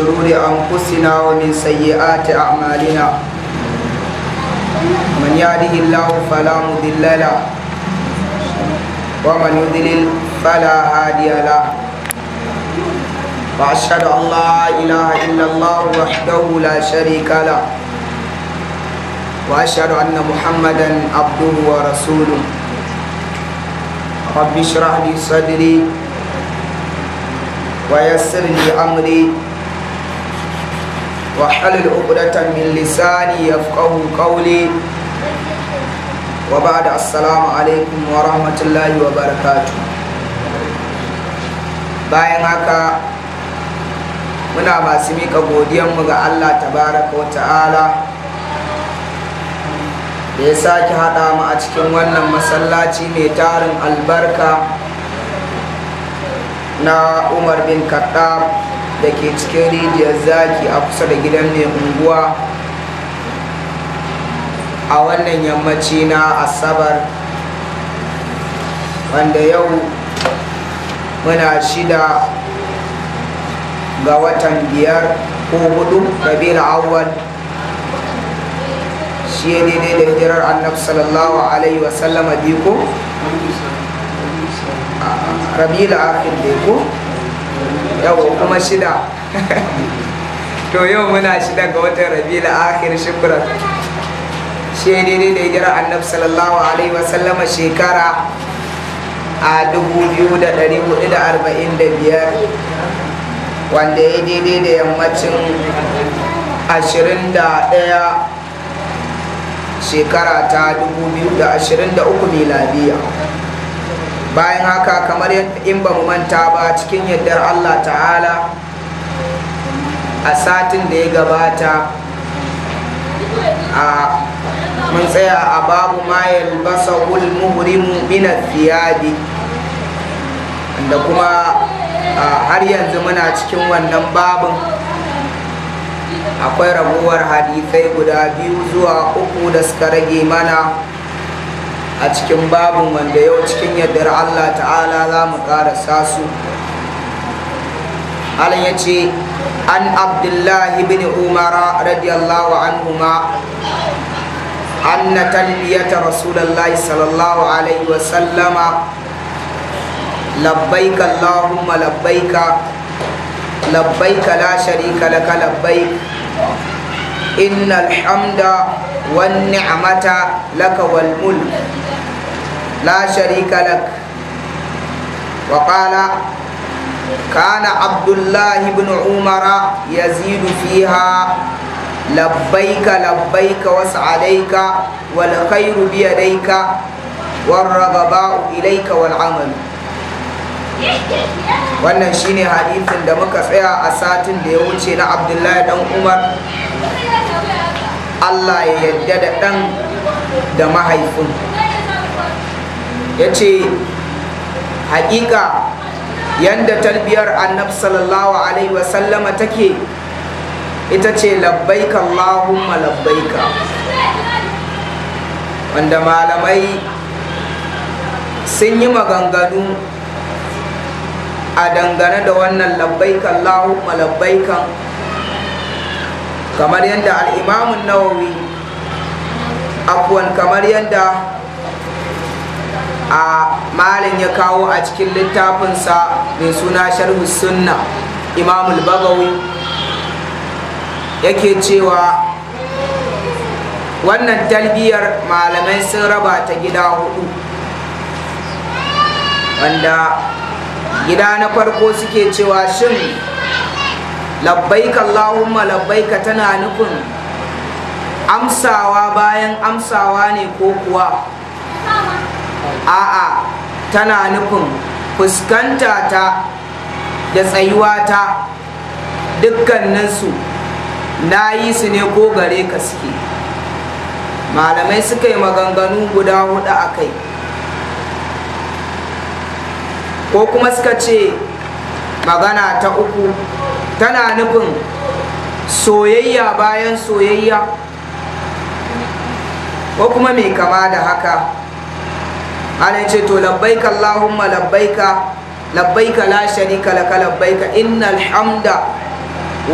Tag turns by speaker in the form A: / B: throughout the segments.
A: شرور أنفسنا ومن سيئات أعمالنا من يهده الله فلا مضل له ومن يضلل فلا هادي له وأشهد أن لا إله إلا الله وحده لا شريك له وأشهد أن محمدا عبده ورسوله رب اشرح لي صدري ويسر لي أمري وحلل عقدة من لساني يفقه قولي وبعد السلام عليكم ورحمة الله وبركاته bayan haka muna masu miƙa godiyanmu ga Allah tabaraka wa ta'ala da ya sake haɗa mu a cikin wannan masallaci mai tarin albarka na umar bin kaddam da ke cikin rijiyar zaki a kusa da gidan mai unguwa a wannan yammaci na asabar wanda yau muna shida ga watan biyar ko hudu rabiul awwal shi ya daidai da hijirar annab sallallahu alaihi wasallama biyu ko rabiul akhir ko yau kuma shida to yau muna shida ga watan rabiul akhir shukura shi ne ne da hijirar annab sallallahu alaihi wasallama shekara a 2445 wanda ya daidai da yammacin 21 shekara ta 2023 miladiya bayan haka kamar in ba mu manta ba cikin yardar allah ta'ala a satin da ya gabata a mun tsaya a babu mayar basa ulmuhurimu bina fiyadi da kuma har yanzu muna cikin wannan babin akwai rabuwar hadisai guda biyu zuwa uku da suka rage mana a cikin babin wanda yau cikin yardar Allah ta'ala za mu sa su halin ya ce an abdullahi bin umara radiyallahu anhuma أن تلبية رسول الله صلى الله Labbaika وسلم لبيك labbaika. لبيك لبيك لا شريك إن الحمد والنعمة لك والملك لا شريك لك وقال كان عبد الله بن عمر يزيد فيها لبيك لبيك وسعديك والخير بيديك والرغباء إليك والعمل wannan shine hadithin da muka tsaya a satin da ya wuce na abdullahi dan umar allah ya yadda da dan da mahaifin ya ce haƙiƙa yadda talbiyar annab sallallahu alaihi wasallama take ita ce labbaika allahumma labbaika wanda malamai sun yi maganganu a dangane da wannan labbaikan Allahumma labbaikan kamar yadda al'imamun nawawi afuwan kamar yadda a malin ya kawo a cikin littafinsa mai suna sharhu sunna imamul bagawi yake cewa wannan talbiyar malamai sun raba ta gida hudu wanda gida na farko suke cewa shin labbaika Allahumma labbaika tana nufin amsawa bayan amsawa ne ko kuwa a'a tana nufin fuskanta ta da tsayuwa ta dukkaninsu na yi su ne ko gare ka suke malamai suka yi maganganu guda hudu a kai ko kuma suka ce magana ta uku tana nufin soyayya bayan soyayya ko kuma mai kama da haka ana ce to labbaika allahumma labbaika labbaika la sharika laka labbaika innal hamda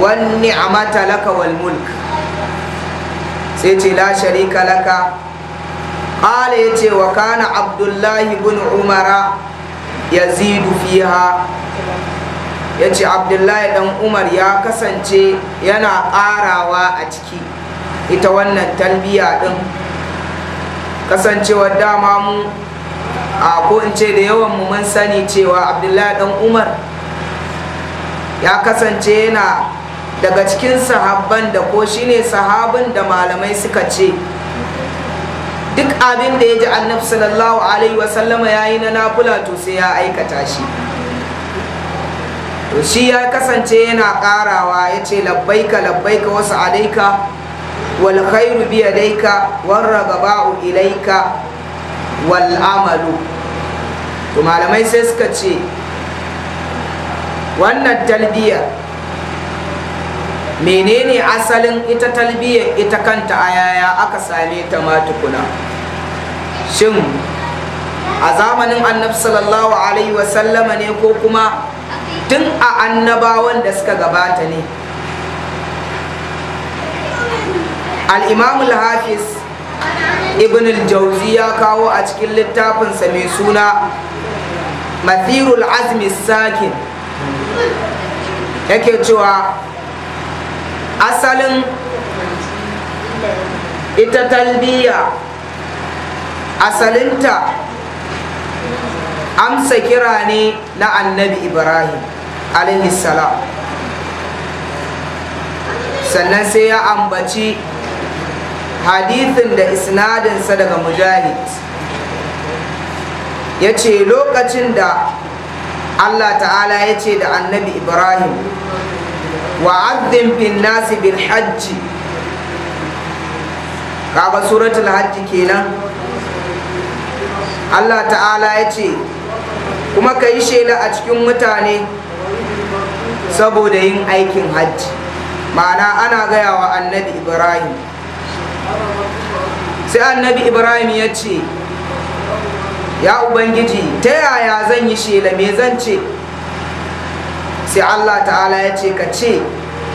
A: wan ni'mata laka wal mulk sai ce la sharika laka ya yace wa kana abdullahi ibn umara yazidu fiha ya ce abdullahi dan umar ya kasance yana ƙarawa a ciki ita wannan talbiya ɗin kasancewar dama mu a ko in ce da yawan mu mun sani cewa abdullahi dan umar ya kasance yana daga cikin sahabban da ko shine sahabin da malamai suka ce duk abin da ya ji annabi sallallahu alaihi wasallama ya yi na nafula to sai ya aikata shi to shi ya kasance yana karawa ya ce labbaika labbaika wasu alaika wal khairu bi yadaika war ragaba'u ilaika wal amalu to malamai sai suka ce wannan talbiya menene asalin ita talbiya ita kanta a yaya aka same ta ma tukuna shin a zamanin annabi sallallahu alaihi wasallama ne ko kuma tun a annabawan da suka gabata ne al-imam al-hafiz ibn al-jauzi ya kawo a cikin littafinsa mai suna mathirul azmi sakin yake cewa asalin ita talbiya asalinta amsa kira ne na annabi ibrahim salam sannan sai ya ambaci hadithin da isnadinsa daga mujahid ya ce lokacin da allah ta'ala ya ce da annabi ibrahim wa'azzin bin nasi bil hajji kaga suratun hajji kenan Allah ta'ala ya ce kuma ka yi shela a cikin mutane saboda yin aikin hajji ma'ana ana gaya wa annabi ibrahim sai annabi ibrahim ya ce ya ubangiji ta yaya zan yi shela me zan ce sai Allah ta'ala ya ce ka ce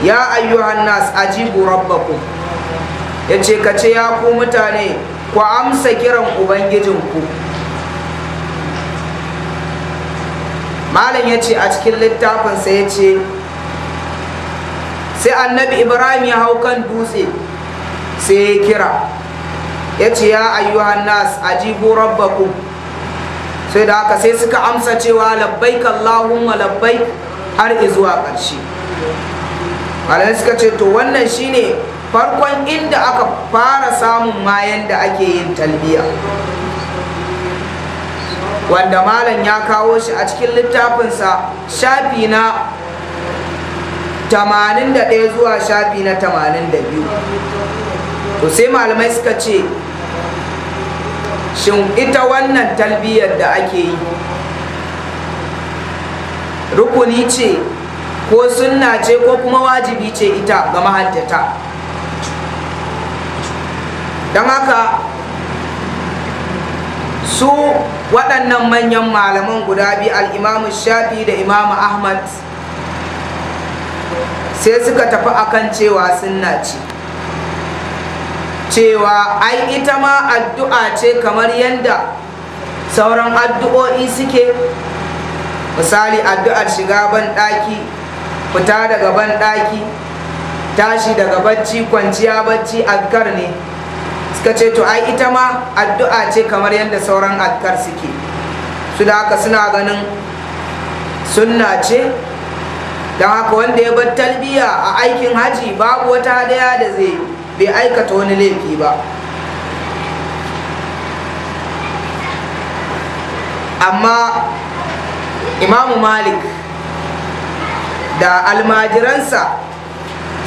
A: ya ayyuhan nas ajibu rabbakum ya ce ka ce ya ku mutane ku amsa kiran ubangijinku malam ya ce a cikin littafinsa ya ce sai annabi ibrahim ya hau kan dutse sai ya kira ya ce ya ayyuhan nas ajibu rabbakum sai da haka sai suka amsa cewa labbaik allahumma labbaik har zuwa ƙarshe malamai suka ce to wannan shine farkon inda aka fara samun mayan da ake yin talbiya wanda malam ya kawo shi a cikin littafinsa shafi na 81 zuwa shafi na 82 to sai malamai suka ce shin ita wannan talbiyar da ake yi rukuni ce ko sunna ce ko kuma wajibi ce ita ga mahajjata don haka su waɗannan manyan malaman guda biyu al'imamu shafi da imamu ahmad sai suka tafi akan cewa sunna ce cewa ai ita ma addu'a ce kamar yadda sauran addu'o'i suke misali addu'ar shiga ban ɗaki fita daga ban ɗaki tashi daga bacci kwanciya bacci adkar ne suka ce to ai ita ma addu'a ce kamar yadda sauran adkar suke su da haka suna ganin sunna ce da haka wanda ya bar talbiya a aikin haji babu wata daya da zai bai aikata wani laifi ba amma imamu malik da almajiransa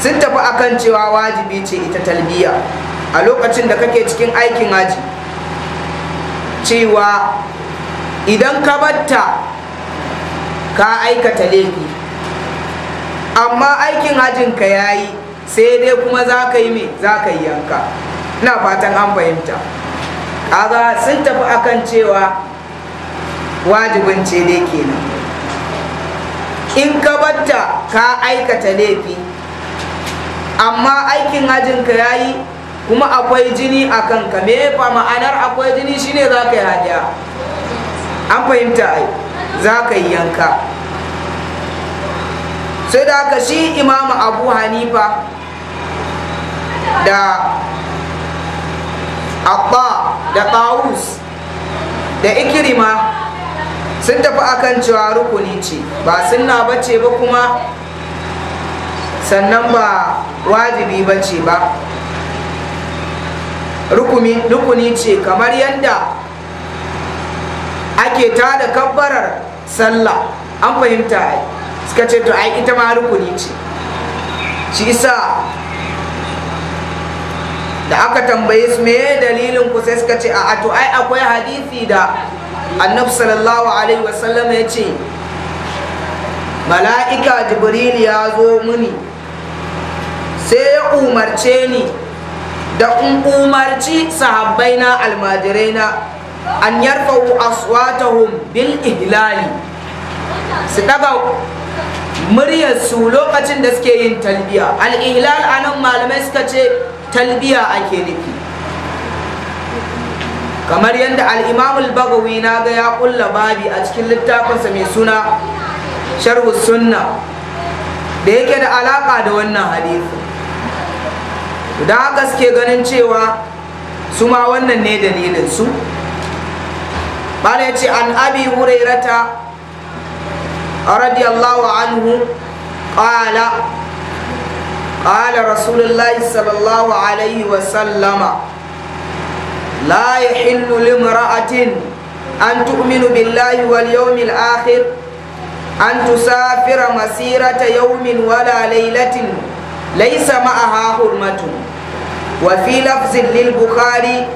A: sun tafi akan cewa wajibi ce ita talbiya a lokacin da kake cikin aikin haji cewa idan ka batta ka aikata laifi amma aikin hajinka ya yi sai dai kuma za ka yi mai za ka yi yanka ina fatan an fahimta kaga sun tafi akan cewa wajibin ce dai kenan in ka batta ka aikata laifi amma aikin hajjinka ya yi kuma akwai jini a kanka me fa ma'anar akwai jini shine za ka yi hadiya an fahimta ai za ka yi yanka sai da ka shi imamu abu hanifa da abba da ɓawus da ikirima sun tafi akan cewa rukuni ce ba sunna bace ba kuma sannan ba wajibi bace ba rukuni ce kamar yadda ake tada kabbarar sallah an fahimta ai suka ce to ai ita ma rukuni ce shi isa da aka tambaye su meye dalilin ku sai suka ce a to ai akwai hadisi da annabi sallallahu alaihi wasallam ya ce mala'ika jibril ya zo muni sai ya umarce ni da in umarci sahabbaina na an yarfa'u aswatahum bil ihlali su daga muryarsu lokacin da suke yin talbiya al ihlal anan malamai suka ce talbiya ake nufi kamar yadda al'imamul bagawi na ga ya kulla babi a cikin littafinsa mai suna sharhu sunna da yake da alaƙa da wannan hadithu da haka suke ganin cewa su ma wannan ne dalilinsu bane ce an abi hurairata radiyallahu anhu ƙala ƙala rasulullahi sallallahu alaihi wasallama لا يحل لامرأة أن تؤمن بالله واليوم الآخر أن تسافر مسيرة يوم ولا ليلة ليس معها حرمة وفي لفظ للبخاري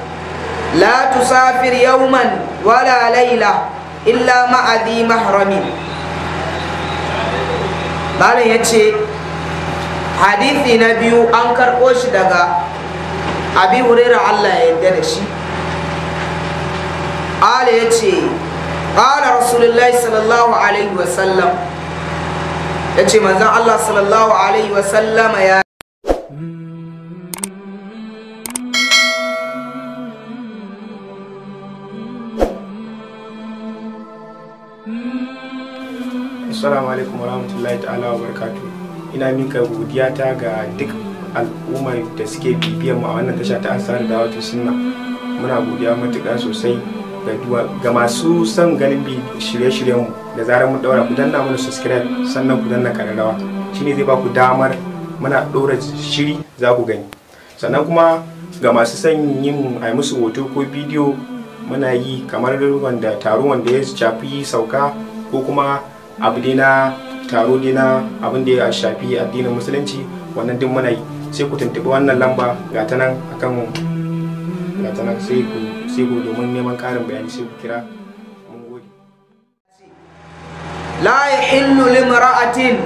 A: لا تسافر يوما ولا ليلة إلا مع ذي محرم قال يتشي حديث نبي أنكر أوش دقا أبي هريرة الله يدرشي Al'a ya ce ƙala rasulullahi sallallahu alaihi wasallam ya ce manzan allah sallallahu alaihi wasallam ya
B: assalamu alaikum warahmatullahi ta'ala wa barkatu ina minka godiya ta ga duk al'ummar da suke bibiyar mu a wannan tasha ta ansar da wato sunna muna godiya matuƙa sosai faɗaɗuwa ga masu son ganin bi shirye-shiryen da zarar mun daura ku danna mana subscribe sannan ku danna kararrawa shine zai ba ku damar muna ɗora shiri za ku gani sannan kuma ga masu son yin a musu hoto ko bidiyo muna yi kamar wanda taro wanda ya shafi sauka ko kuma abu dai na taro dai na abin da ya shafi addinin musulunci wannan duk muna yi sai ku tuntuɓi wannan lamba ga ta nan akan ga ta nan sai ku Jego domin neman karin bayani sai ku kira.
A: La yahillu limra'atin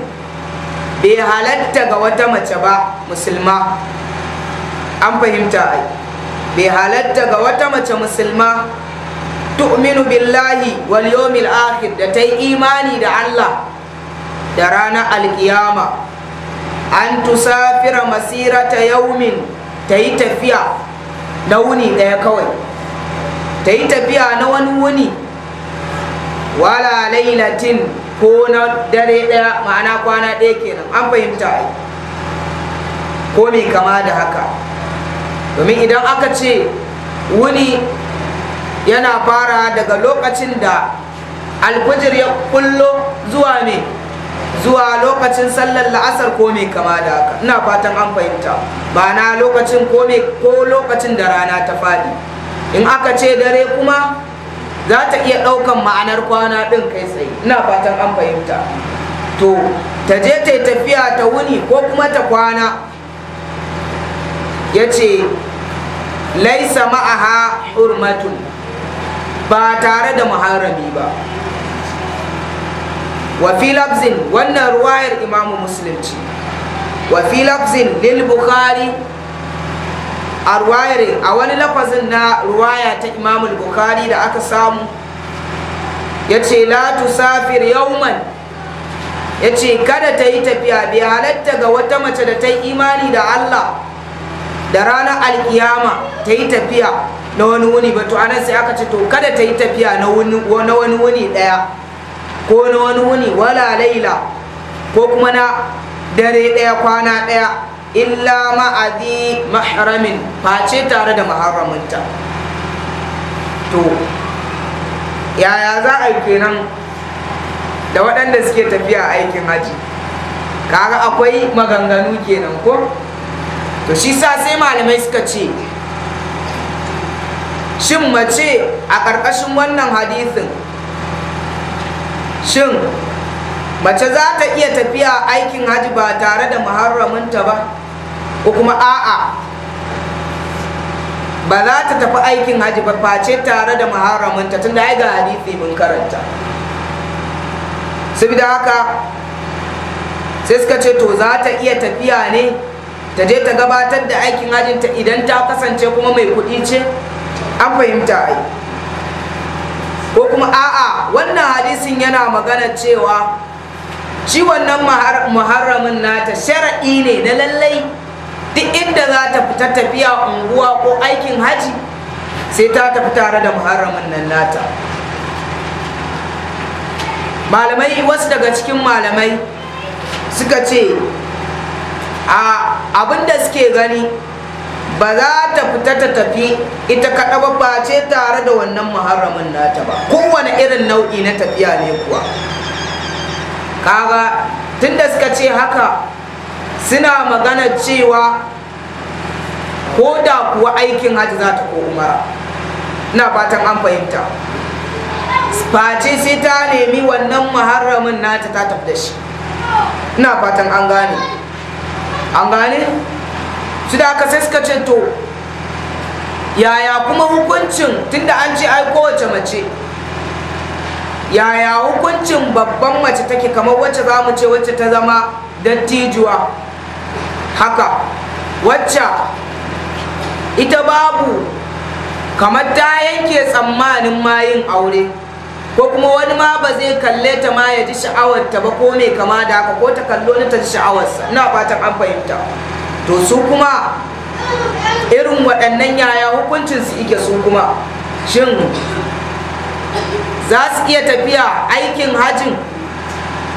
A: bai halatta ga wata mace ba musulma an fahimta ai bai halatta ga wata mace musulma tu'minu billahi wal yawmil akhir da ta yi imani da Allah da ranar alkiyama an tusafira masirata yaumin ta yi tafiya na wuni ɗaya kawai ta yi tafiya na wani wuni wala lailatin ko na dare ɗaya ma'ana kwana ɗaya kenan an fahimta ai ko mai kama da haka domin idan aka ce wuni yana fara daga lokacin da alfajir ya kullo zuwa ne zuwa lokacin sallar la'asar ko mai kama da haka ina fatan an fahimta ba na lokacin ko lokacin da rana ta faɗi in aka ce dare kuma za ta iya ɗaukan ma'anar kwana ɗin kai tsaye ina fatan an fahimta to ta je ta tafiya ta wuni ko kuma ta kwana ya ce laisa ma'aha hurmatun ba tare da muharami ba wa wannan ruwayar imamu Musulunci. Wafi wa lil bukhari a ruwayar a wani lafazin na ruwaya ta imamul bukari da aka samu ya ce la yau yauman ya ce kada ta yi tafiya bi halatta ga wata mace da ta yi imani da allah da ranar alkiyama ta yi tafiya na wani wuni ba to anan sai aka ce to kada ta yi tafiya na wani wuni ɗaya ko na wani wuni wala laila ko kuma na dare ɗaya kwana ɗaya illa ma'adi mahramin face tare da maharaminta to yaya za a yi kenan da waɗanda suke tafiya aikin haji kaga akwai maganganu kenan ko to shi sa sai malamai suka ce shin mace a ƙarƙashin wannan hadisin shin mace za ta iya tafiya aikin haji ba tare da muharraminta ba ko kuma a'a ba za ta tafi aikin haji ba face tare da maharaminta tun da ga hadithi mun karanta da haka sai suka ce to za ta iya tafiya ne ta je ta gabatar da aikin hajinta idan ta kasance kuma mai kudi ce an fahimta ai ko kuma a'a wannan hadisin yana magana cewa shi wannan muharramin nata shara'i ne na lallai duk inda za ta fita tafiya unguwa ko aikin haji sai ta tafi tare da muharramin nan nata malamai wasu daga cikin malamai suka ce a abinda suke gani ba za ta fita ta tafi ita kaɗa ba ba ce tare da wannan muharramin nata ba kowane irin nau'i na tafiya ne kuwa kaga tunda suka ce haka suna magana cewa ko da kuwa aikin hajji za ta koma na fatan an fahimta Fati sai ta nemi wannan muharramin nata ta tafi da shi ina fatan an gane an gane su da aka sai suka ce to yaya kuma hukuncin tunda an ce ai kowace mace yaya hukuncin babban mace take kamar wacce za mu ce wacce ta zama dattijuwa haka wacca ita babu kamar ta yanke tsammanin mayin aure ko kuma wani ma ba zai kalle ta ma ya ji ta ba ko mai kama da haka ko ta kallo na ta ji sha'awarsa ina fatan an fahimta to su kuma irin waɗannan yaya hukuncin su ike su kuma shin za su iya tafiya aikin hajin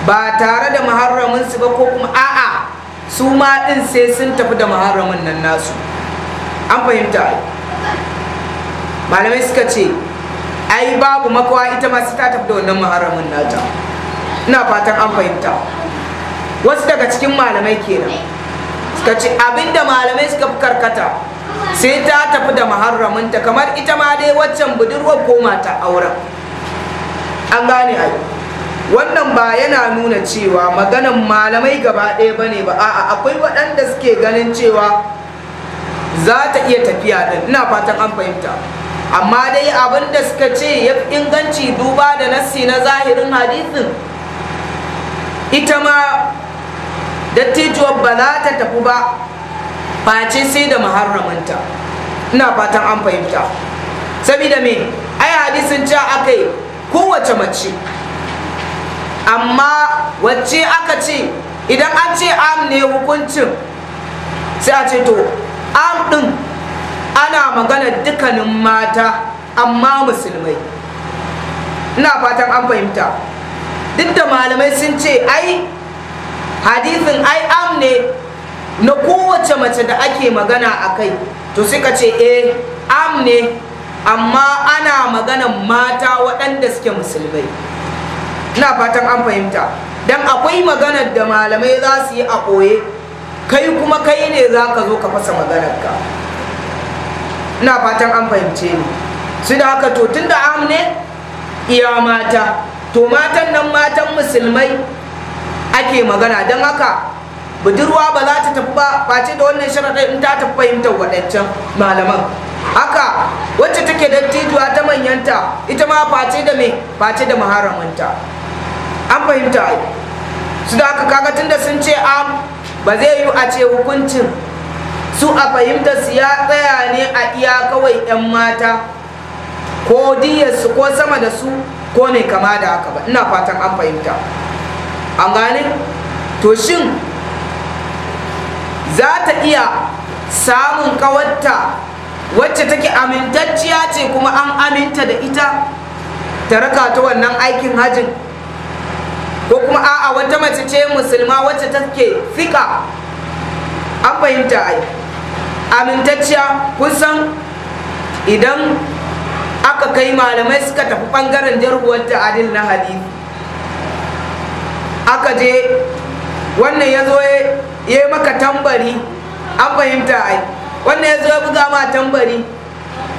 A: ba tare da muharraminsu ba ko kuma a'a su ma ɗin sai sun tafi da maharamin nan nasu an fahimta malamai suka ce ai babu makawa ita ma ta tafi da wannan maharamin nata ina fatan an fahimta wasu daga cikin malamai kenan suka ce abinda malamai suka fi karkata sai ta tafi da maharraminta kamar ita ma dai waccan budurwar koma ta auren an gane ayi wannan ba yana nuna cewa maganan malamai gaba ɗaya ba ne ba a'a akwai waɗanda suke ganin cewa za ta iya tafiya ɗin ina fatan an fahimta amma dai abin da suka ce ya inganci duba da nassi na zahirin hadithin ita ma dattijuwar ba za ta tafi ba face sai da muharramanta. ina fatan an fahimta Sabida me ai hadisin ca akai kowace mace amma wacce aka ce idan an ce am ne hukuncin sai a ce to am ɗin ana magana dukkanin mata amma musulmai ina fatan an fahimta duk da malamai sun ce ai hadithin ai am ne na kowace mace da ake magana a kai to suka ce e am ne amma ana maganan mata waɗanda suke musulmai ina fatan an fahimta dan akwai maganar da malamai za su yi a ɓoye kai kuma kai ne za ka zo ka fasa maganarka ina fatan an fahimce ni su da haka to tun da am ne iya mata to matan nan matan musulmai ake magana don haka budurwa ba za ta tafi ba face da wannan sharaɗin in ta tafi fahimtar waɗancan malaman haka wacce take dattijuwa ta manyanta ita ma face da me face da maharamanta. an fahimta ai su da aka kaga tunda sun ce am ba zai yi a ce hukuncin su a fahimta su ya tsaya ne a iya kawai 'yan mata ko su ko sama da su ko ne kama da haka ba ina fatan an fahimta an gane to shin za ta iya samun kawarta wacce take amintacciya ce kuma an aminta da ita ta raka ta wannan aikin hajin ko kuma a'a wata mace ce musulma wacce take fika an fahimta ai amintacciya kusan idan aka kai malamai suka tafi bangaren jarhuwar ta'adil na hadith aka je wannan ya zo ya maka tambari an fahimta ai wannan ya zo ya buga ma tambari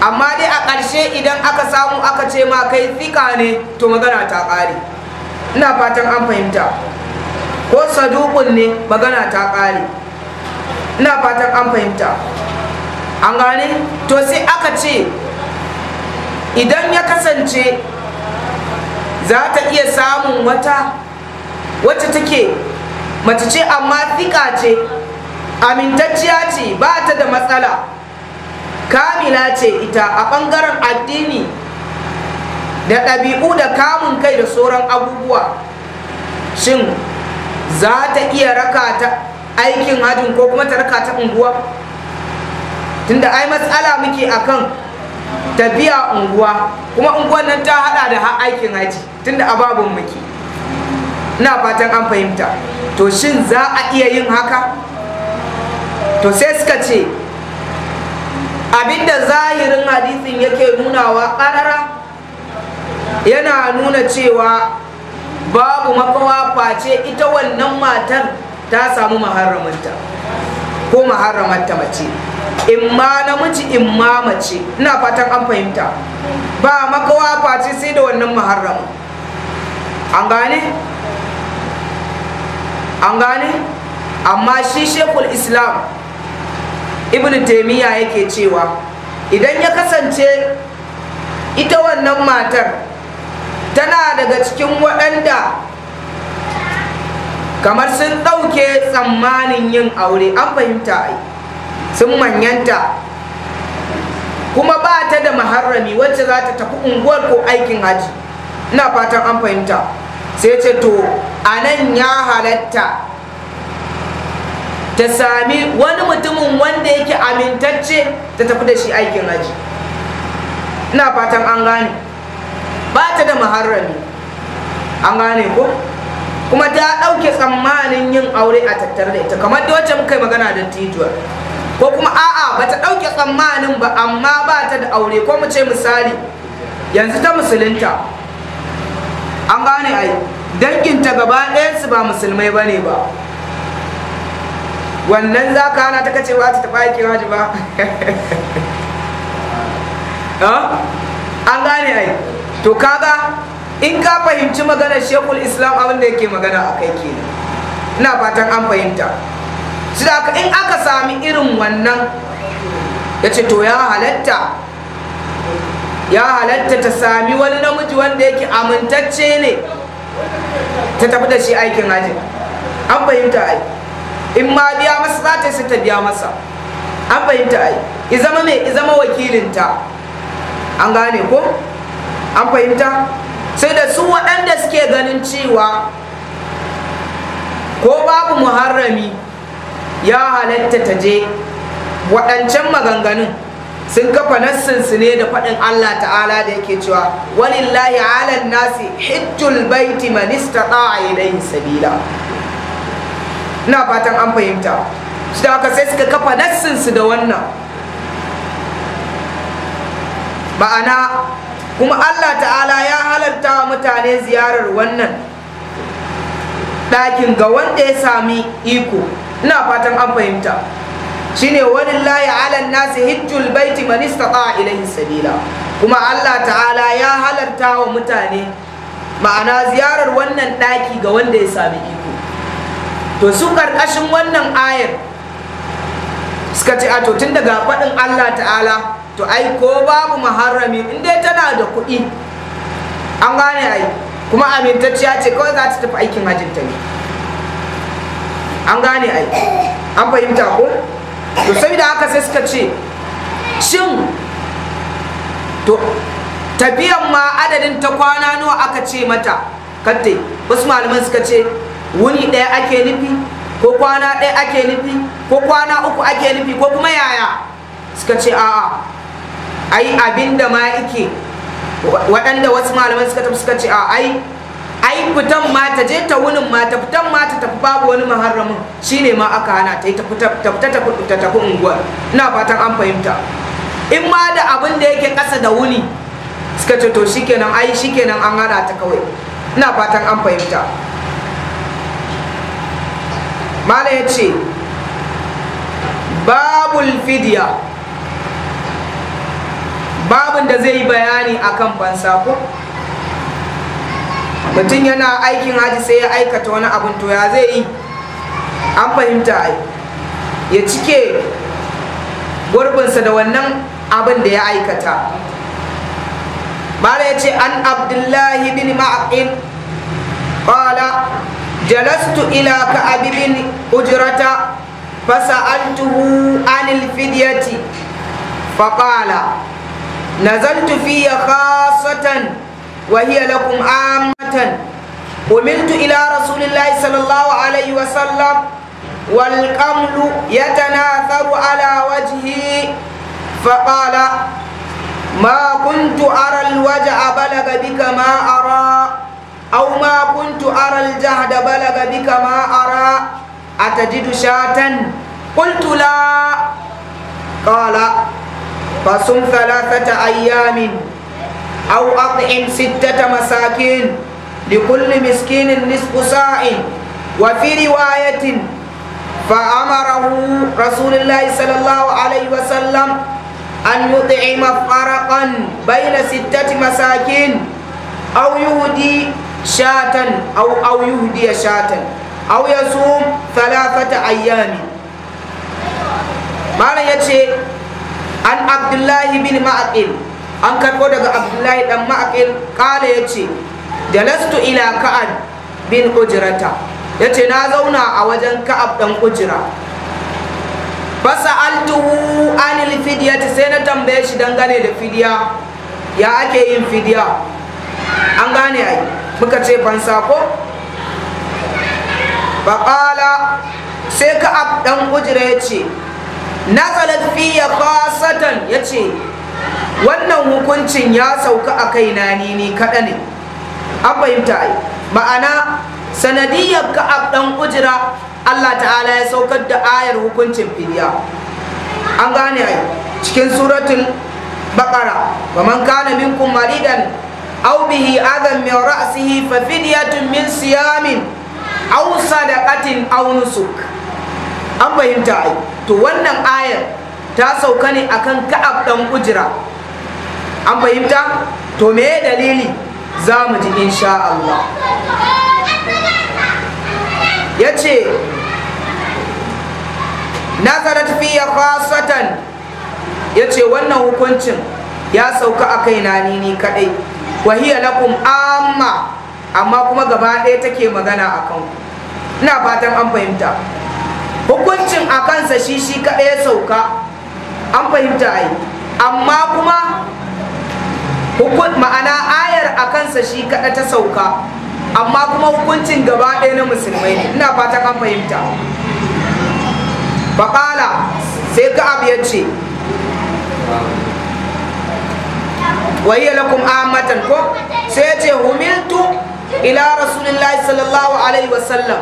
A: amma dai a ƙarshe idan aka samu aka ce ma kai fika ne to magana ta ƙare ina fatan an fahimta ko saduƙun ne magana ta ƙare ina fatan an fahimta an gane to sai aka ce idan ya kasance za ta iya samun wata wacce take mace ce amma fika ce amintacciya ce ba ta da matsala kamila ce ita a ɓangaren addini da ɗabi'u da kamun kai da sauran abubuwa shin za ta iya raka ta aikin hajjin ko kuma ta raka ta unguwa tunda ai matsala muke akan tafiya unguwa kuma unguwan nan ta hada da aikin haji tunda a babin muke ina fatan an fahimta to shin za a iya yin haka to sai suka ce abinda zahirin hadisin yake nunawa ƙarara yana nuna cewa babu makawa face ita wannan matar ta samu maharramanta ko maharramanta mace in ma namiji in mace ina fatan an fahimta ba makawa face sai da wannan maharram an gane an gane amma shi shekul islam ibn taimiyya yake cewa idan ya kasance ita wannan matar tana daga cikin waɗanda kamar sun ɗauke tsammanin yin aure an fahimta sun manyanta kuma ba ta da maharrami wacce za ta tafi unguwar ko aikin haji ina fatan an fahimta sai ce to a nan ya halatta ta sami wani mutumin wanda yake amintacce ta tafi da shi aikin haji ina fatan an gane ba ta da muharrami an gane ko kuma ta ɗauke tsammanin yin aure a tattare da ita kamar da wacce muka yi magana da tijuwar ko kuma a'a ba ta ɗauke tsammanin ba amma ba ta da aure ko mu ce misali yanzu ta musulunta an gane ai danginta gaba ɗayansu ba musulmai ba ne ba wannan za ka hana ta kace ba ta taɓa yake waji ba an gane ai to kaga in ka fahimci maganar shekul islam abin da yake magana a kai ke ina fatan an fahimta su da in aka sami irin wannan ya ce to ya halatta ya halatta ta sami wani namiji wanda yake amintacce ne ta tafi da shi aikin hajji an fahimta ai in ma biya masa za ta yi ta biya masa an fahimta ai izama mai izama wakilinta an gane ko an fahimta sai da su waɗanda suke ganin cewa ko babu muharrami ya halatta ta je waɗancan maganganun sun kafa nassinsu ne da faɗin Allah ta'ala da yake cewa wani walillahi alal nasi hijjul baiti man istata'a ilayhi sabila ina fatan an fahimta su da aka sai suka kafa nassinsu da wannan ma'ana kuma Allah ta'ala ya halarta wa mutane ziyarar wannan ɗakin ga wanda ya sami iko ina fatan an fahimta shine walillahi ala nasi hijjul baiti man istata ilayhi sabila kuma Allah ta'ala ya halarta wa mutane ma'ana ziyarar wannan ɗaki ga wanda ya sami iko to su karkashin wannan ayar suka ce a to daga faɗin Allah ta'ala to ai ko babu muharrami in dai tana da kuɗi an gane ai kuma amintacciya ce kawai za ta tafi aikin hajjin ta ne an gane ai an fahimta ko to saboda haka sai suka ce shin to tafiyan ma adadin ta kwana nawa aka ce mata kante wasu malaman suka ce wuni ɗaya ake nufi ko kwana ɗaya ake nufi ko kwana uku ake nufi ko kuma yaya suka ce a'a ai abinda ma yake waɗanda wasu malaman suka tafi suka ce a ai ai fitan ma ta je ta wunin ma ta fitan ma ta tafi babu wani muharramin shine ma aka hana ta yi ta fita ta tafi unguwar ina fatan an fahimta in ma da abin da yake ƙasa da wuni suka ce to shikenan ai shikenan an hana ta kawai ina fatan an fahimta malam ya ce babul fidiya babin da zai yi bayani akan fansa ko mutum yana aikin haji sai ya aikata wani abin to ya zai yi an fahimta ya cike gurbinsa da wannan abin da ya aikata bala ya ce an abdullahi bin ma'aqin qala jalastu ila ka'ab bin ujrata fasa'altuhu anil fidyati faqala نزلت فيه خاصة وهي لكم عامة أملت إلى رسول الله صلى الله عليه وسلم والقمل يتناثر على وجهي فقال ما كنت أرى الوجع بلغ بك ما أرى أو ما كنت أرى الجهد بلغ بك ما أرى أتجد شاة قلت لا قال فصم ثلاثة أيام أو أطعم ستة مساكين لكل مسكين نصف ساع وفي رواية فأمره رسول الله صلى الله عليه وسلم أن يطعم فرقا بين ستة مساكين أو يهدي شاة أو أو يهدي شاة أو يصوم ثلاثة أيام ما يتشي an abdullahi bin ma'aqil an karɓo daga abdullahi dan ma'aqil kala ya ce
B: jalastu ila ka'ad
A: bin kujirata ya ce na zauna a wajen ka'ab dan ujira fasa'altu anil ta sai na tambaye shi dangane da fidiya ya ake yin fidiya an gane ai muka ce fansa ko sai ka'ab dan ujira ya ce nazalat fiya khasatan yace wannan hukuncin ya sauka a kai na nini kada ne an fahimta ai ma'ana sanadiyyar ka'ab dan ujira Allah ta'ala ya saukar da ayar hukuncin fidiya an gane ai cikin suratun baqara wa man kana minkum maridan aw bihi adam min ra'sihi fa fidyatun min siyamin aw sadaqatin aw an fahimta ai to wannan ayar ta sauka ne akan ka'ab dan ujira an fahimta to me dalili za mu ji insha Allah yace nazarat fi khasatan yace wannan hukuncin ya sauka a na ni ni wa wahiya lakum amma amma kuma gaba ɗaya take magana a kanku ina fatan an fahimta hukuncin a kansa shi shi kaɗai ya sauka an fahimta yi amma kuma ma'ana ayar a kansa shi kaɗai ta sauka amma kuma hukuncin gaba ɗaya na musulmai ne ina fatan an fahimta faƙala sai ka abu ya ce wahiyar lakum amatan ko sai ya ce humiltu ila rasulullahi sallallahu alaihi wasallam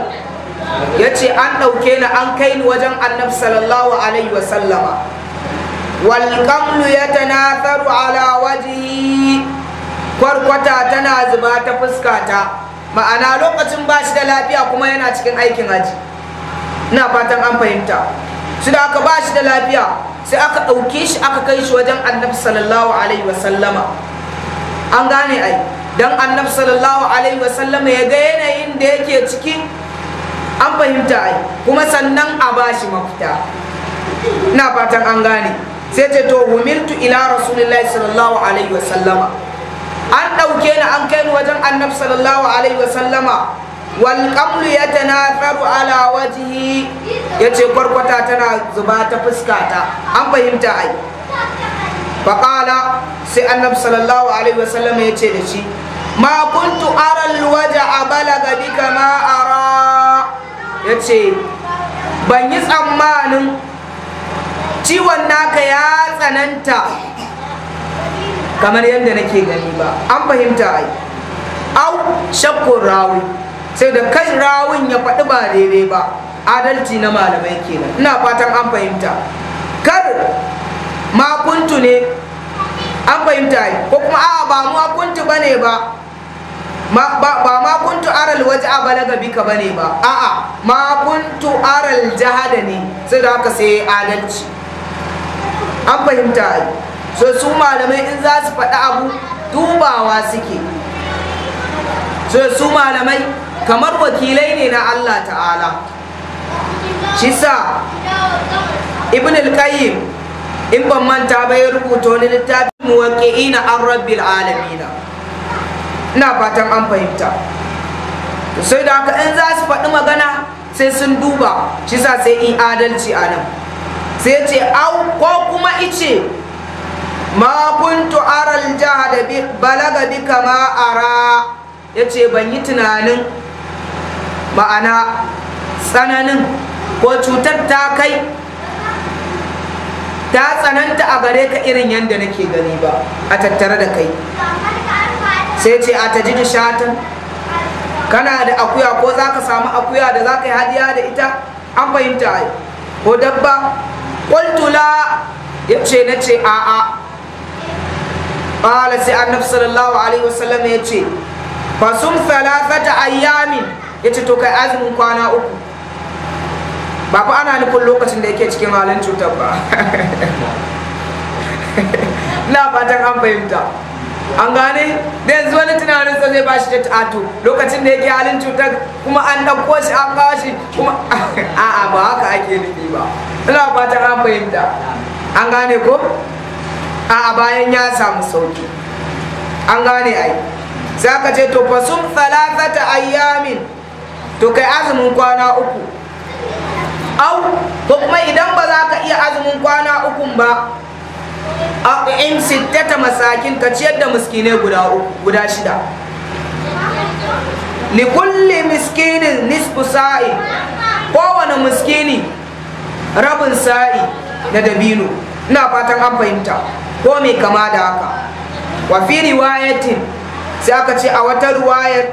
A: ya ce an ɗauke ni an kai ni wajen annab sallallahu alaihi sallama walƙamlu ya tanatharu ala waje kwarkwata tana zuba ta fuskata ma'ana lokacin ba shi da lafiya kuma yana cikin aikin haji ina fatan an fahimta su da aka ba shi da lafiya sai aka ɗauke shi aka kai shi wajen annab sallallahu alaihi sallama an gane ai don annab sallallahu alaihi sallama ya ga yanayin da yake cikin an fahimta ai kuma sannan a bashi mafita ina fatan an gane sai ce to humirtu ila rasulillahi sallallahu alaihi wa sallama an dauke ni an kai ni wajen annabi sallallahu alaihi wa sallama wal qamlu yatanafaru ala wajhi yace kwarkwata tana zuba ta fuskata an fahimta ai faƙala sai annabi sallallahu alaihi wa sallama yace da shi ma kuntu ara alwaja balaga bika ma ara ce ban yi tsammanin ciwon naka ya tsananta kamar yadda nake gani ba an fahimta ai au shakkun rawi sai da kai rawun ya faɗi ba daidai ba adalci na malamai kenan ina fatan an fahimta kar makuntu ne an fahimta ai ko kuma a'a ba mu akuntu bane ba ba ma kuntu aral waje a balaga bika ba ne ba a'a ma kuntu aral jahada ne sai da haka sai adalci an fahimta so su malamai in za su faɗi abu dubawa suke so su malamai kamar wakilai ne na Allah ta'ala shi sa ibn al-qayyim in ban manta bai rubuta wani littafin muwaƙi'ina an rabbil alamina ina fatan an fahimta sai da haka in za su faɗi magana sai sun duba shi sa sai in adalci a nan sai ce au ko kuma ice ma kuntu aral da balaga bi kama ara ya ce ban yi tunanin ma'ana tsananin ko cutar ta kai ta tsananta a gare ka irin yadda nake gani ba a tattare da kai sai ce a taji shatan kana da akuya ko za ka samu akuya da za ka yi hadiya da ita an fahimta ai ko dabba ƙwaltula ya ce na ce a'a ƙala sai an annabi sallallahu alaihi wasallam ya ce fasun falafata ayyamin ya ce to kai azumin kwana uku ba ku ana nufin lokacin da yake cikin halin cutar ba na fatan an fahimta an gane da yanzu wani tunanin sa zai ba shi da ato lokacin da yake halin cutar kuma an ɗauko shi an kawo shi kuma a'a ba haka ake nufi ba ina fatan an fahimta an gane ko a'a bayan ya samu sauki an gane ai za ka ce to fasum talatata ayyamin to kai azumin kwana uku au ko kuma idan ba za ka iya azumin kwana ukun ba a in sitata masakin ka ciyar da muskine guda shida likulli miskinin nisfu sa'i kowane miskini rabin sa'i na dabino ina fatan an fahimta ko mai kama da haka wa fi riwayatin sai aka ce a wata riwayar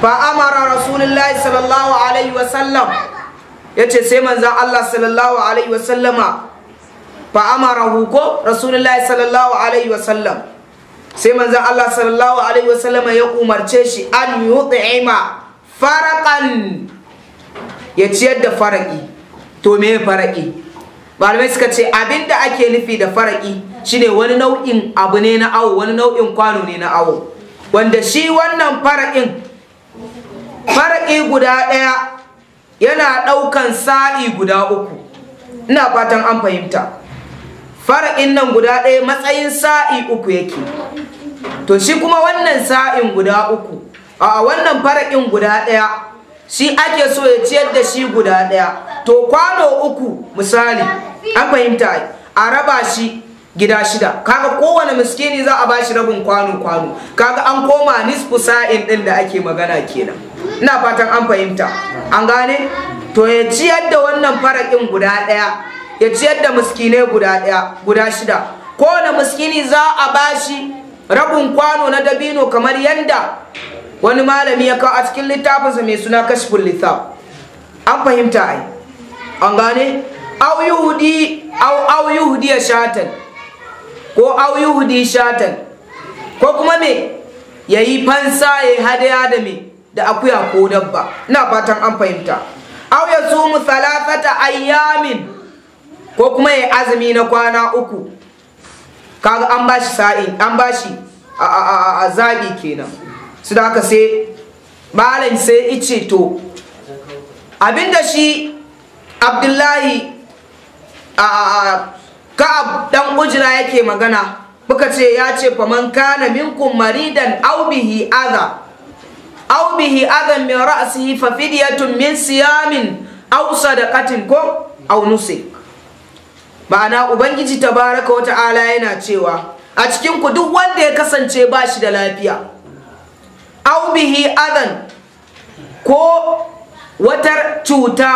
A: fa amara rasulullahi sallallahu alaihi wasallam yace sai manzan Allah sallallahu alaihi wasallama fa amarahu ko rasulullahi sallallahu alaihi wasallam sai manzan Allah sallallahu alaihi wasallama ya umarce shi an Aima. farakan ya ciyar da faraki to me faraki malamai suka ce abin da ake nufi da faraki shine wani nau'in abu ne na awo wani nau'in kwano ne na awo wanda shi wannan faraƙin. faraki guda ɗaya yana ɗaukan sa'i guda uku ina fatan an fahimta fara'in nan guda ɗaya matsayin sa'i uku yake to shi kuma wannan sa'in guda uku a wannan fara'in guda ɗaya shi ake so ya ciyar da shi guda ɗaya to kwano uku misali an fahimta a raba shi gida shida kaga kowane miskini za a ba shi rabin kwano kwano kaga an koma nisfu sa'in ɗin da ake magana kenan ina fatan an fahimta an gane to ya ciyar da wannan farakin guda ɗaya ya ciyar da miskinai guda ɗaya guda shida kowane miskini za a bashi rabin kwano na dabino kamar yadda wani malami ya kawo a cikin littafinsa mai suna kashfin littaf an fahimta ai an gane au yuhudi au yuhudi ya shatan ko au yuhudi shatan ko kuma me yayi fansa ya hadaya da me da akuya ko dabba ina fatan an fahimta aw ya sumu thalathata ayyamin ko kuma ya azumi na kwana uku kaga an bashi sa'in an bashi a zabi kenan su da haka sai malam sai ice to abinda shi abdullahi a ka'ab dan ujira yake magana muka ce ya ce faman kana minkum maridan aw bihi adha aw bihi adan min ra'sihi fa fidyatun min siyamin aw sadaqatin ko aw nusik ma'ana ubangiji tabaraka wa ta'ala yana cewa a cikin ku duk wanda ya kasance ba shi da lafiya aw bihi adan ko wata cuta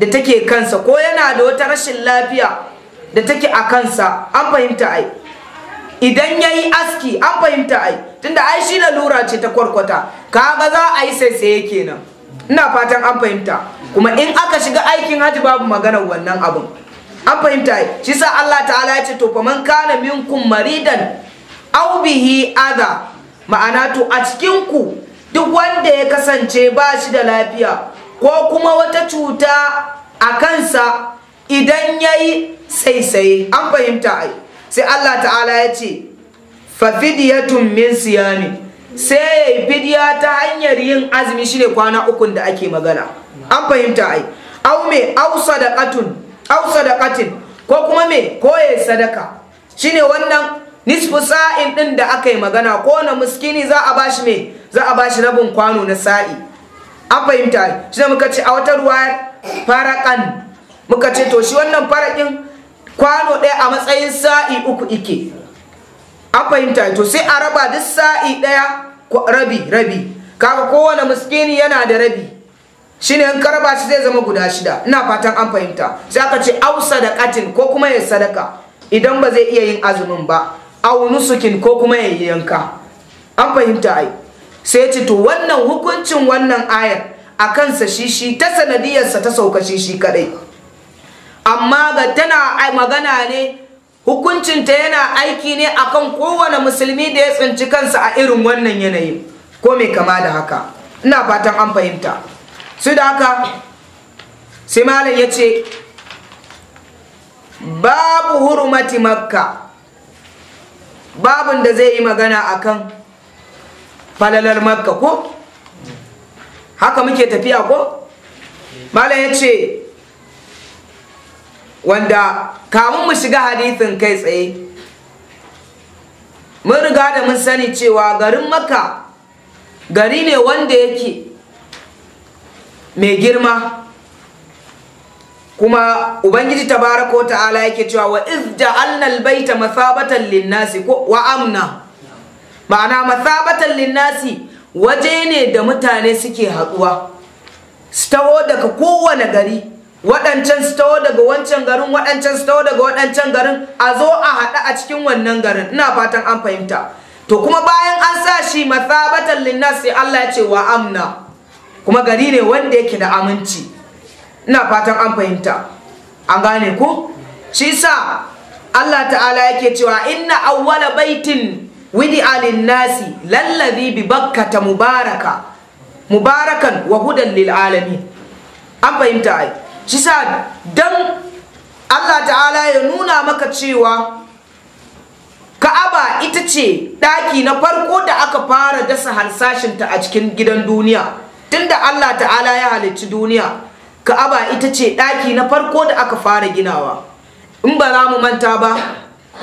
A: da take kansa ko yana da wata rashin lafiya da take a kansa an fahimta ai idan ya yi aski an fahimta ai tunda ai shi lalura ce ta kwarkwata kaga za a yi saisaye kenan ina fatan an fahimta kuma in aka shiga aikin haji babu maganar wannan abin an fahimta shi sa Allah ta'ala ya ce to faman kana minkum maridan aw bihi adha ma'ana to a cikin ku duk wanda ya kasance ba shi da lafiya ko kuma wata cuta a kansa idan yayi saisaye an fahimta ai sai Allah ta'ala ya ce fa min siyami sai yi fidiya ta hanyar yin azumi shine kwana ukun da ake magana an fahimta ai au me au sadaqatun au sadaqatin ko kuma me ko yi sadaka shine wannan nisfu sa'in din da aka yi magana ko na muskini za a bashi me za a bashi rabin kwano na sa'i an fahimta shi ne muka ce a wata ruwa farakan muka ce to shi wannan farakin kwano ɗaya a matsayin sa'i uku ike an fahimta to sai a raba duk sa'i ɗaya rabi rabi kaga kowane muskini yana da rabi shine in karba shi zai zama guda shida ina fatan an fahimta sai aka ce au sadaqatin ko kuma ya sadaka idan ba zai iya yin azumin ba au nusukin ko kuma ya yanka an fahimta ai sai ce to wannan hukuncin wannan ayar a kansa shi shi ta sanadiyarsa ta sauka shi shi kadai amma ga tana magana ne hukuncinta yana aiki ne akan kowane musulmi da ya tsinci kansa a irin wannan yanayi ko mai kama da haka ina fatan an fahimta su da haka sai malam ya ce babu hurmati makka babun da zai yi magana akan falalar makka ko haka muke tafiya ko malam ya ce wanda kamun mu shiga hadithin kai tsaye mun riga da mun sani cewa garin maka gari ne wanda yake mai girma kuma ubangiji tabaraka wa ta'ala yake cewa wa iz ja'alna albayta mathabatan linnasi wa amna ma'ana mathabatan linnasi waje ne da mutane suke haɗuwa su tawo daga kowane gari waɗancan su taho daga wancan garin waɗancan su taho daga waɗancan garin a zo a haɗu a cikin wannan garin ina fatan an fahimta to kuma bayan an sa shi mathabatan linnas sai Allah ya ce wa amna kuma gari ne wanda yake da aminci ina fatan an fahimta an gane ku shi sa Allah ta'ala yake cewa inna awwala baitin widi alin nasi lallazi bi bakkata mubaraka mubarakan wa hudan lil alamin an fahimta ai shi sa dan Allah ta'ala ya nuna maka cewa Ka'aba ita ce ɗaki na farko da aka fara dasa harsashinta a cikin gidan duniya tunda Allah ta'ala ya halicci duniya Ka'aba ita ce ɗaki na farko da aka fara ginawa in ba za mu manta ba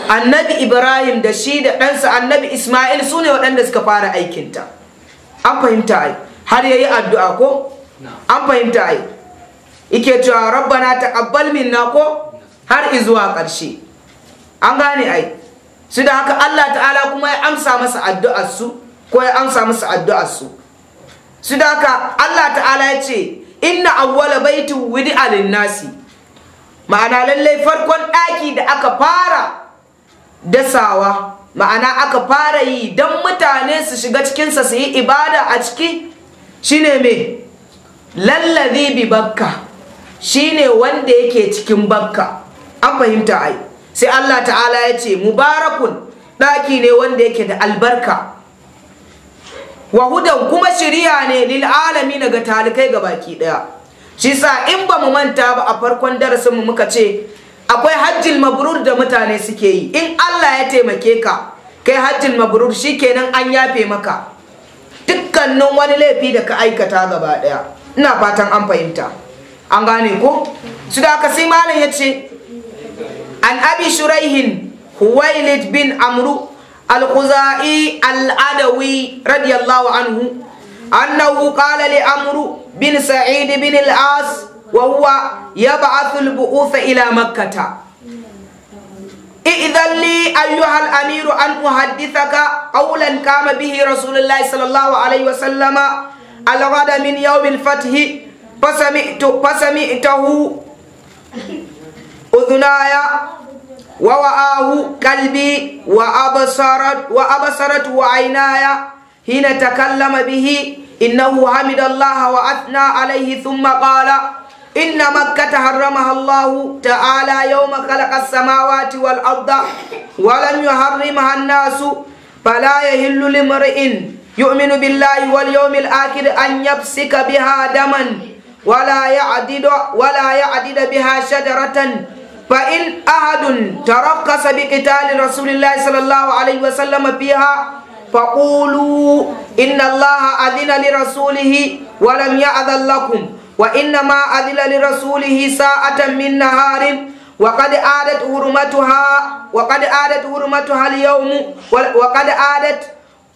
A: annabi Ibrahim da shi da ɗansa annabi Ismail su ne waɗanda suka fara aikinta an fahimta ai har ya yi addu'a ko an fahimta ai yake cewa rabbana taqabbal minna ko har izuwa ƙarshe an gane ai su haka Allah ta'ala kuma ya amsa masa su, ko ya amsa masa addu'ar su da haka Allah ta'ala ya ce inna awwala baiti wudi'a alin nasi ma'ana lallai farkon ɗaki da aka fara dasawa ma'ana aka fara yi don mutane su shiga cikinsa su yi ibada a ciki shine me lallazi bi bakka Shi ne wanda yake cikin bakka an fahimta ai sai Allah ta'ala ya ce mubarakun ɗaki ne wanda yake da albarka Wahudan kuma shiriya ne lil alami daga talikai ga baki ɗaya shi sa in ba mu manta ba a farkon darasin mu muka ce akwai hajjil mabrur da mutane suke yi in Allah ya taimake ka kai hajjil mabrur shikenan an yafe maka dukkanin wani laifi da ka aikata gaba ɗaya ina fatan an fahimta an gane ko su da aka sai malam ya ce an abi shuraihin huwailid bin amru al-khuzai al-adawi radiyallahu anhu annahu qala li amru bin sa'id bin al-as wa huwa yab'athu al-bu'uth ila makkah إذن لي أيها الأمير أن أحدثك قولا قام به رسول الله صلى الله عليه وسلم الغد من يوم الفتح فسمعت فسمعته أذناي ووآه قلبي وأبصرت وأبصرت عيناي حين تكلم به إنه حمد الله وأثنى عليه ثم قال إن مكة حرمها الله تعالى يوم خلق السماوات والأرض ولم يحرمها الناس فلا يهل لمرئ يؤمن بالله واليوم الآخر أن يفسك بها دما ولا يعدد ولا يعدد بها شجرة فإن أحد ترقص بقتال رسول الله صلى الله عليه وسلم فيها فقولوا إن الله أذن لرسوله ولم يأذن لكم وإنما أذن لرسوله ساعة من نهار وقد عادت حرمتها وقد عادت حرمتها اليوم وقد عادت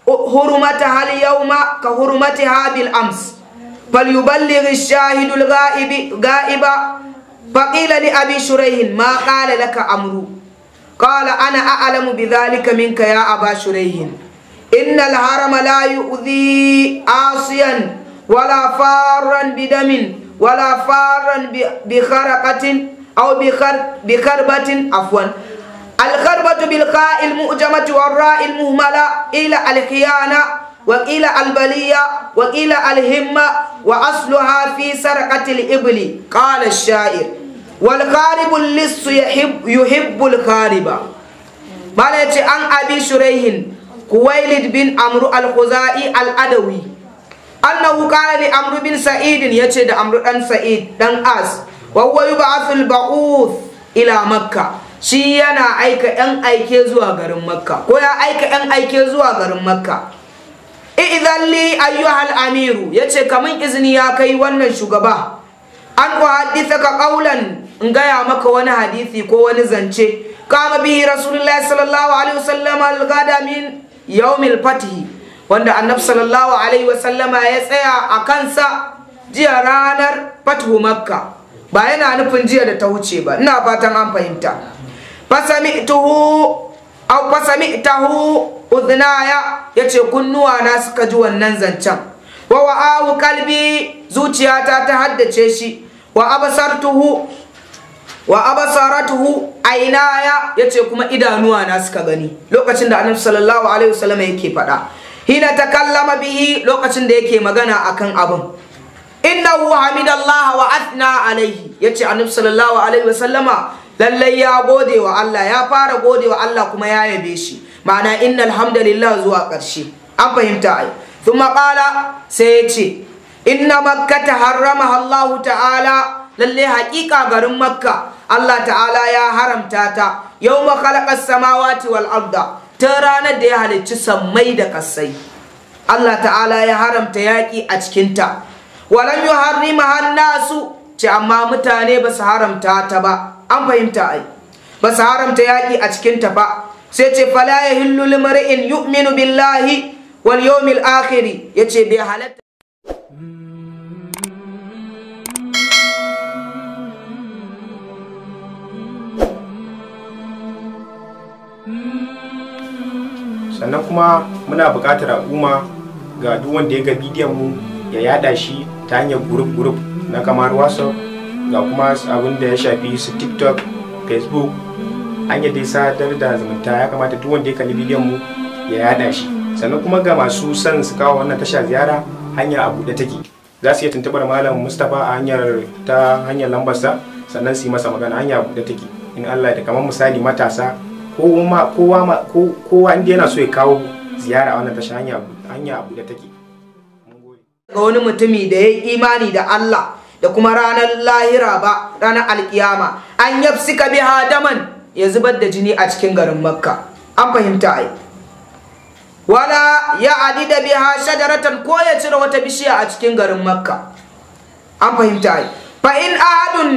A: حرمتها اليوم كحرمتها بالأمس فليبلغ الشاهد الغائب غائبا فقيل لأبي شريح ما قال لك أمرو قال أنا أعلم بذلك منك يا أبا شريح إن الهرم لا يؤذي عاصيا ولا فارا بدم ولا فارا بخرقة أو بخربة عفوا الخربة بالخاء المؤجمة والراء المهملة إلى الخيانة Waƙila albaliya, waƙila alhima, wa asliha fi sarƙatun Ibli. Ƙa'as Shair, walkari bul lissu yu hibbul kari ba. Mare an abi shi raikin bin Amru al-Kuzaa'i Al-Adawai. Annaku ƙara ne Amru bin Saidin yace da Amru ɗan Sa'id ɗan As. Waiwa ba a fili ba'u ila Makka? Shi yana ya aika 'yan aike zuwa garin Makka. idhalli ayyuhal amiru ya ce kaman izini ya kai wannan shugaba an uhaddithaka qawlan in gaya maka wani hadisi ko wani zance kama bihi rasulullahi sallallahu alaihi wasallam al-gada min yawmil fathi wanda annab sallallahu alaihi wasallama ya tsaya a kansa jiya ranar fathu makka ba yana nufin jiya da ta wuce ba ina fatan an fahimta fasami'tuhu aw fasami'tahu udhnaya yace kunnuwa na suka ji wannan zancen wa wa'awu kalbi zuciyata ta haddace shi wa abasartuhu wa abasaratuhu ainaya yace kuma idanuwa na suka gani lokacin da annabi sallallahu alaihi wasallam yake faɗa hina takallama bihi lokacin da yake magana akan abin innahu hamidallahi wa athna alaihi yace annabi sallallahu alaihi wasallama lallai ya gode wa Allah ya fara gode wa Allah kuma ya yabe shi ma'ana inna alhamdulillah zuwa ƙarshe an fahimta ai thumma qala sai ya ce inna makka ta harrama Allah ta'ala lalle haƙiƙa garin makka Allah ta'ala ya haramta ta yau makalakar khalaqas samawati wal arda ta ranar da ya halicci sammai da kasai Allah ta'ala ya haramta yaƙi a cikinta walam yuharrima su ce amma mutane ba su haramta ta ba an fahimta ai ba su haramta yaƙi a cikinta ba sai ce fala ya hillu yu'minu billahi wal yawmil ya ce bai halatta
B: sannan kuma muna buƙatar al'umma ga duk wanda ya ga bidiyon mu ya yada shi ta hanyar gurup gurup na kamar wasa ga kuma abin da ya shafi su tiktok facebook hanyar dai sadar da zumunta ya kamata duk wanda ya kalli bidiyon mu ya yada shi sannan kuma ga masu son su kawo wannan tasha ziyara hanya a buɗe take za su iya tuntubar malam mustapha a hanyar ta hanyar lambarsa sannan su yi masa magana hanya a buɗe take in allah da kamar misali matasa kowa kowa inda yana so ya kawo ziyara a wannan tasha hanya a buɗe
A: take ga wani mutumi da ya yi imani da Allah da kuma ranar lahira ba ranar alkiyama an yafsika biha daman ya zubar da jini a cikin garin makka an fahimta ai wala ya adi da biha shajaratan ko ya cire wata bishiya a cikin garin makka an fahimta ai fa in ahadun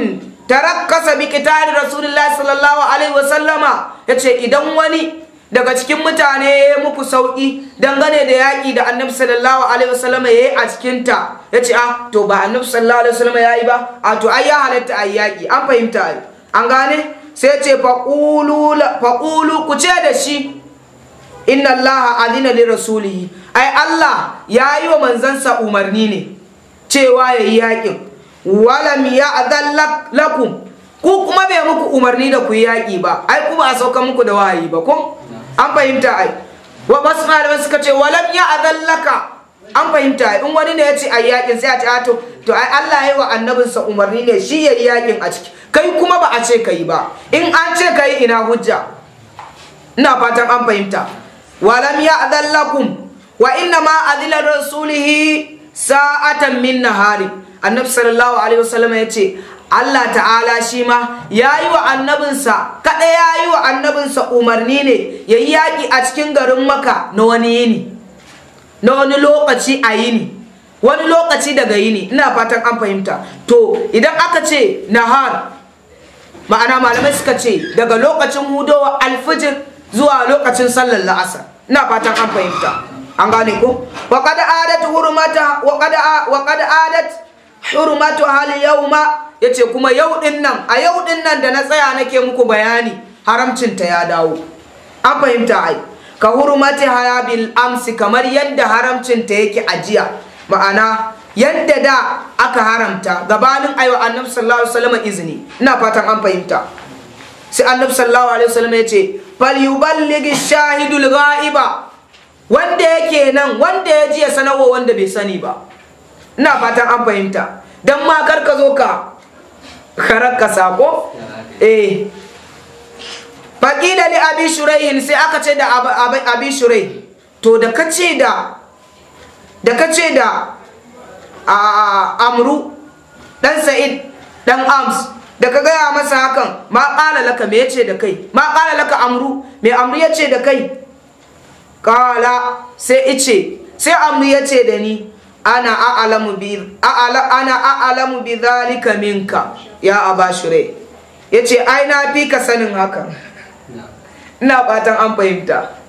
A: tarakkasa bi kitabi rasulullahi sallallahu alaihi wasallama yace idan wani daga cikin mutane ya muku sauki dangane da yaƙi da annabi sallallahu alaihi wasallam ya yi a cikin ta ya ce ah to ba annabi sallallahu alaihi wasallam ya yi ba a to ai ya halatta a yaƙi an fahimta an gane sai ce faƙulu ku ce da shi inna Allah adina li rasulihi ai Allah ya yi wa manzansa umarni ne cewa ya yi yaƙin walam ya adan lakum ku kuma bai muku umarni da ku yi yaƙi ba ai kuma a sauka muku da wahayi ba ko an fahimta ai wa masu malamai suka ce walam ya adan laka an fahimta in wani ne ya ce a yakin sai a ce ah, to to ai Allah ya wa annabinsa umarni ne shi ya yakin a ciki kai kuma ba a ce kai ba in an ce kai ina hujja ina fatan an fahimta walam ya adallakum wa inna ma adila rasulihi sa'atan min nahari annabi sallallahu alaihi wasallam ya ce Allah ta'ala shi ma ya wa annabinsa kaɗai ya yi wa annabinsa umarni ne yayi yi yaƙi a cikin garin maka na wani yini na wani lokaci a yini wani lokaci daga yini ina fatan an fahimta to idan aka ce nahar ma'ana malamai suka ce daga lokacin hudowa alfijir zuwa lokacin sallar la'asar ina fatan an fahimta an gane ko wa adat hurmata wa qad wa qad adat hurmatu hal yawma yace kuma yau din nan a yau din nan da na tsaya nake muku bayani haramcin ta ya dawo an fahimta ai ka hurmati bil amsi kamar yadda haramcinta yake ajiya ma'ana yadda da aka haramta gabanin ayo annabi sallallahu alaihi wasallam izini ina fatan an fahimta sai annabi sallallahu alaihi wasallam ya ce fal yuballighi shahidul ghaiba wanda yake nan wanda ya ji ya sanarwa wanda bai sani ba ina fatan an fahimta dan ma kar ka zo ka karar ka sako eh faƙila li abi shurayhin sai aka ce da abi shurai to da ka ce da da ka ce da amru dan sa'id dan ams da ka gaya masa hakan ma ƙala laka me yace da kai ma ƙala laka amru me amru yace da kai ƙala sai ice sai amru yace da ni ana a'alamu bi ana a'alamu bi zalika minka ya aba shurai yace ai na fi ka sanin hakan ina fatan an fahimta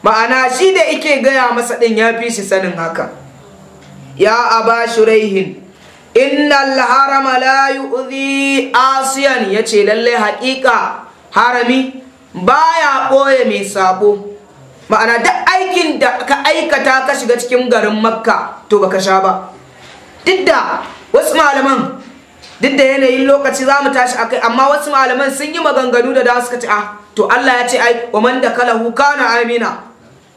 A: ma'ana shi da ike gaya masa ɗin ya fi shi sanin haka ya aba shuraihin innal harama la yu'zi asiyan yace lalle haƙiƙa harami baya ɓoye mai sabo ma'ana duk aikin da ka aikata ka shiga cikin garin makka to baka sha ba duk da wasu malaman duk da yanayin lokaci za mu tashi akai amma wasu malaman sun yi maganganu da da suka ci a ah, to Allah ya ce ai wa man dakalahu kana amina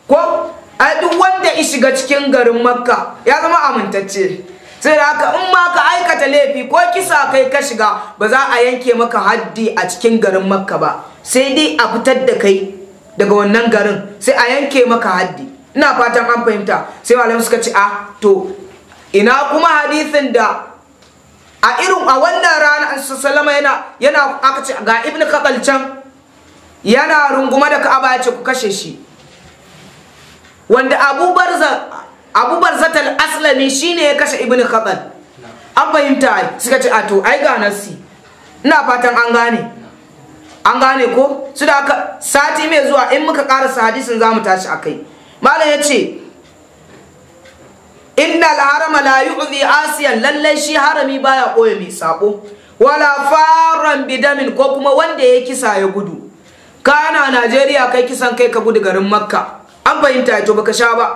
A: ko ai duk wanda ya shiga cikin garin makka ya zama amintacce sai da haka in ma ka aikata laifi ko kisa kai ka shiga ba za a yanke maka haddi a cikin garin makka ba sai dai a fitar da kai daga wannan garin sai a yanke maka haddi ina fatan an fahimta sai malam suka ce a ah, to ina kuma hadisin da a irin a wannan rana sallama yana yana aka ce ga ibnu kakal can yana runguma da ka'aba ya ku kashe shi wanda abu tal aslami shine ya kashe ibn khatal an fahimta suka ce a to ai ga nasi ina fatan an gane an gane ko su da aka sati mai zuwa in muka karasa hadisin za mu tashi a malam ya ce inna al-harama la yu'zi asiyan lallai shi harami baya koya mai sako wala faran bidamin ko kuma wanda ya kisa ya gudu kana a najeriya kai kisan kai ka gudu garin makka an fahimta to baka sha ba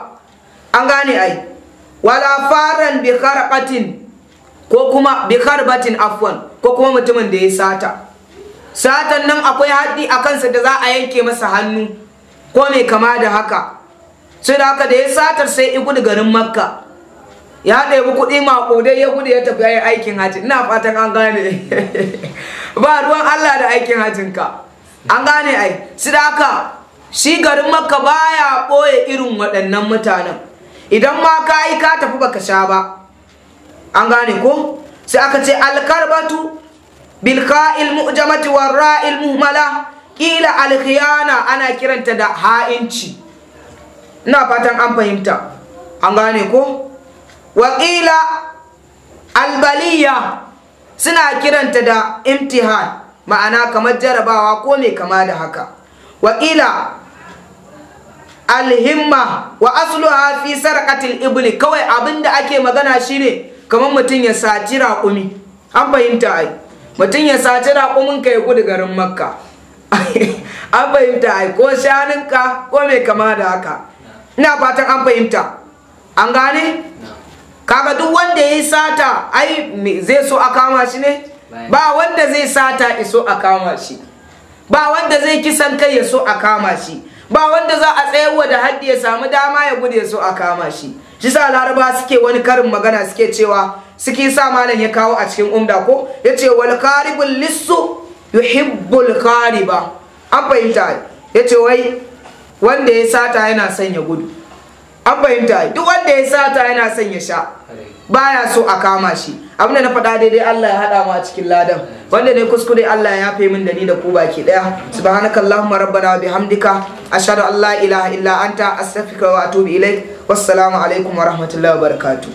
A: an gane ai wala faran bi kharqatin ko kuma bi kharbatin afwan ko kuma mutumin da ya sata satan nan akwai haddi a kansa da za a yanke masa hannu ko mai kama da haka sai da haka da ya satar sai ya gudu garin makka ya ɗebi kuɗi maƙudai ya gudu ya tafi ya aikin hajji ina fatan an gane ba ruwan allah da aikin hajjinka an gane ai su da haka shi garin makka baya ɓoye irin waɗannan mutanen idan ma ka yi ka tafi baka sha ba an gane ko sai aka ce alkarbatu bilka'il mu'jamati ilmu muhmala kila alkhiyana ana kiranta da ha'inci ina fatan an fahimta an gane ko wakila albaliya suna kiranta da imtihan ma'ana kamar jarabawa ko mai kama da haka wakila alhimma wa asluha fi sarqatil ibli kawai abinda ake magana shine kamar mutum ya saci raƙumi an fahimta ai mutum ya saci raƙumin ka ya gudu garin makka an fahimta ai ko shanunka ko mai kama da haka ina fatan an fahimta an gane kaga duk wanda ya yi sata ai zai so a kama shi ne ba wanda zai sata iso a kama shi ba wanda zai kisan kai ya so a kama shi ba wanda za a wa da haddi ya samu dama ya gude so a kama shi shi sa laraba suke wani karin magana suke cewa suke sa malam ya kawo a cikin umda ko ya ce wal karibul lissu yuhibbul kariba an fahimta ya ce wai wanda ya sata yana son ya gudu an fahimta duk wanda ya sata yana son ya sha baya so a kama shi abinda na faɗa daidai Allah ya haɗa mu a cikin ladan wanda ne kuskure Allah ya yafe min da ni da ku baki ɗaya subhanakallahumma rabbana wa bihamdika ashhadu an la ilaha illa anta astaghfiruka wa atubu ilaik wassalamu alaikum wa rahmatullahi wa barakatuh